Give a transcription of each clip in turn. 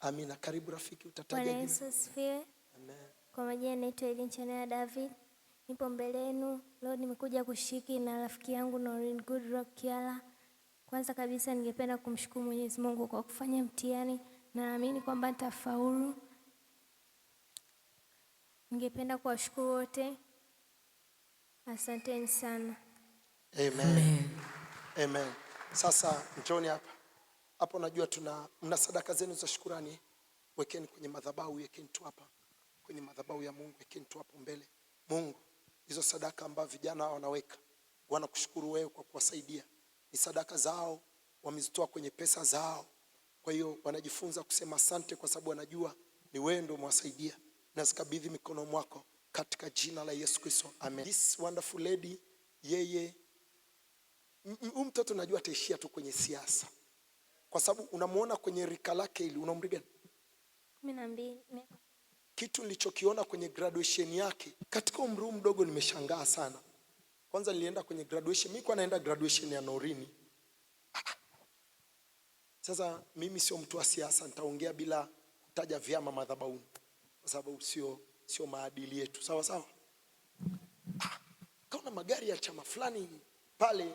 Amina. Karibu rafiki, utataja jina. Bwana Yesu asifiwe. Amen. Kwa majina naitwa Edin David. Nipo mbele yenu leo, nimekuja kushiriki na rafiki yangu Noreen Goodrock Kiala. Kwanza kabisa ningependa kumshukuru Mwenyezi Mungu kwa kufanya mtihani na naamini kwamba nitafaulu. Ningependa kuwashukuru wote, asanteni sana. Amen. Amen. Amen. Sasa njoni hapa hapo najua tuna mna sadaka zenu za shukurani, wekeni kwenye madhabahu, wekeni tu hapa kwenye madhabahu ya Mungu, wekeni tu hapo mbele. Mungu, hizo sadaka ambazo vijana wanaweka wanakushukuru wewe kwa kuwasaidia, ni sadaka zao wamezitoa kwenye pesa zao, kwa hiyo wanajifunza kusema asante, kwa sababu wanajua ni wewe ndio umewasaidia. Nazikabidhi mikono mwako katika jina la Yesu Kristo, amen. This wonderful lady, yeye huyu mtoto najua ataishia tu kwenye siasa kwa sababu unamwona kwenye rika lake ili Una umri gani? kumi na mbili. Kitu nilichokiona kwenye graduation yake katika umri huu mdogo, nimeshangaa sana. Kwanza nilienda kwenye graduation, mimi kwa naenda graduation ya Norini. Sasa mimi sio mtu wa siasa, nitaongea bila kutaja vyama madhabahuni, kwa sababu sio sio maadili yetu, sawa sawa. Kaona magari ya chama fulani pale,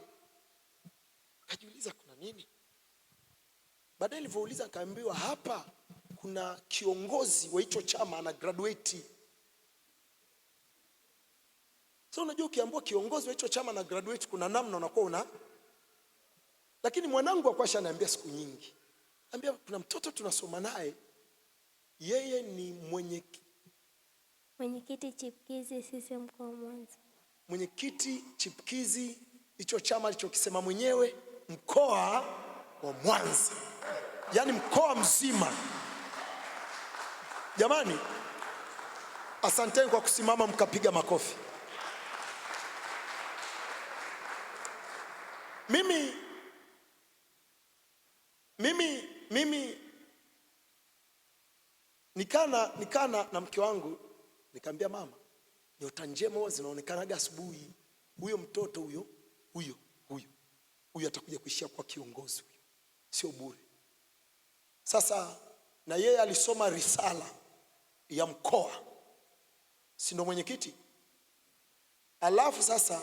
akajiuliza kuna nini? Baadaye nilivyouliza akaambiwa hapa kuna kiongozi wa hicho chama ana graduate. So unajua ukiambiwa kiongozi wa hicho chama na graduate, kuna namna unakuwa una, lakini mwanangu akwasha anaambia siku nyingi, ambia kuna mtoto tunasoma naye, yeye ni mwenye mwenyekiti chipkizi sisi mkoa Mwanza, mwenyekiti chipkizi hicho chama alichokisema mwenyewe mkoa wa Mwanza, yaani mkoa mzima. Jamani, asanteni kwa kusimama mkapiga makofi. Mimi, mimi, mimi nikana nikana na mke wangu nikamwambia mama, nyota njema huwa zinaonekanaga asubuhi. Huyo mtoto huyo huyo huyo huyo atakuja kuishia kwa kiongozi sio bure. Sasa na yeye alisoma risala ya mkoa, si ndo mwenyekiti? Alafu sasa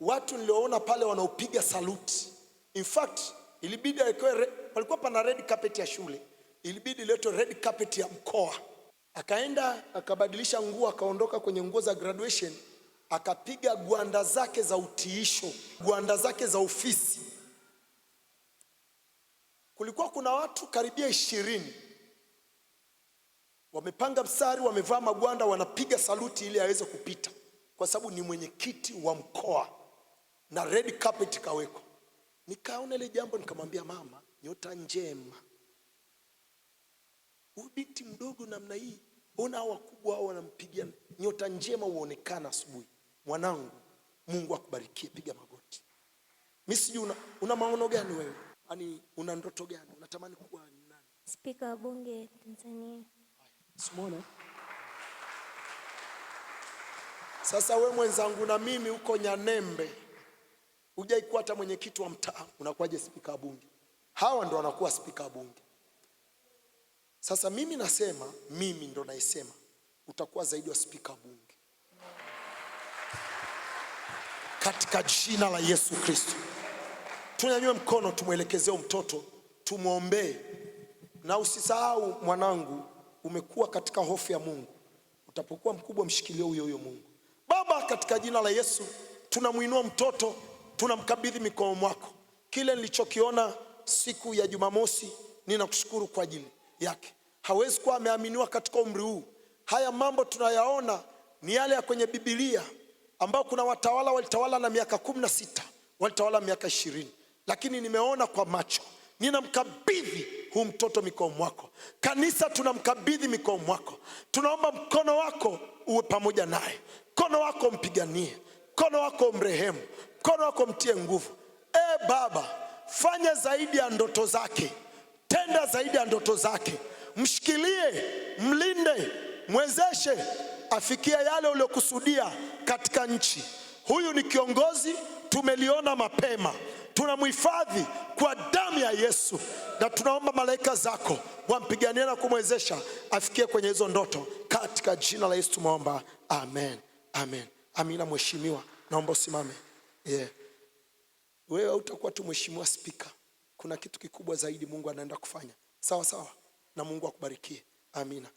watu nilioona pale wanaopiga saluti, in fact ilibidi palikuwa pana red carpet ya shule, ilibidi iletwe red carpet ya mkoa. Akaenda akabadilisha nguo, akaondoka kwenye nguo za graduation, akapiga gwanda zake za utiisho, gwanda zake za ofisi kulikuwa kuna watu karibia ishirini wamepanga mstari, wamevaa magwanda, wanapiga saluti ili aweze kupita, kwa sababu ni mwenyekiti wa mkoa na red carpet kaweko. Nikaona ile jambo, nikamwambia mama, nyota njema, huyu binti mdogo namna hii, ona hao wakubwa hao wanampigia nyota njema, huonekana asubuhi. Mwanangu, Mungu akubarikie, piga magoti. Mimi sijui una, una maono gani wewe Yaani una ndoto gani? Unatamani kuwa nani? Spika wa bunge Tanzania. Simone. Sasa we mwenzangu na mimi huko Nyanembe hujaikuwa hata mwenyekiti wa mtaa, unakuwaje spika wa bunge? Hawa ndo wanakuwa spika wa bunge. Sasa mimi nasema, mimi ndo naisema, utakuwa zaidi wa spika wa bunge katika jina la Yesu Kristo tunyanyue mkono tumwelekezee mtoto, tumwombee. Na usisahau mwanangu, umekuwa katika hofu ya Mungu, utapokuwa mkubwa mshikilie huyo huyo Mungu. Baba, katika jina la Yesu tunamwinua mtoto, tunamkabidhi mikono mwako. Kile nilichokiona siku ya Jumamosi, ninakushukuru kwa ajili yake. Hawezi kuwa ameaminiwa katika umri huu. Haya mambo tunayaona ni yale ya kwenye Biblia ambao kuna watawala walitawala na miaka kumi na sita walitawala miaka ishirini lakini nimeona kwa macho, ninamkabidhi huu mtoto mikono mwako. Kanisa tunamkabidhi mikono mwako, tunaomba mkono wako uwe pamoja naye, mkono wako mpiganie, mkono wako mrehemu, mkono wako mtie nguvu. E Baba, fanya zaidi ya ndoto zake, tenda zaidi ya ndoto zake, mshikilie, mlinde, mwezeshe afikia yale uliokusudia katika nchi. Huyu ni kiongozi tumeliona mapema tunamhifadhi kwa damu ya Yesu, na tunaomba malaika zako wampigania na kumwezesha afikie kwenye hizo ndoto, katika jina la Yesu tumeomba, amen, amen. Amina. Mheshimiwa, naomba usimame. Yeah. Wewe utakuwa tu mheshimiwa spika, kuna kitu kikubwa zaidi Mungu anaenda kufanya. Sawa sawa, na Mungu akubarikie. Amina.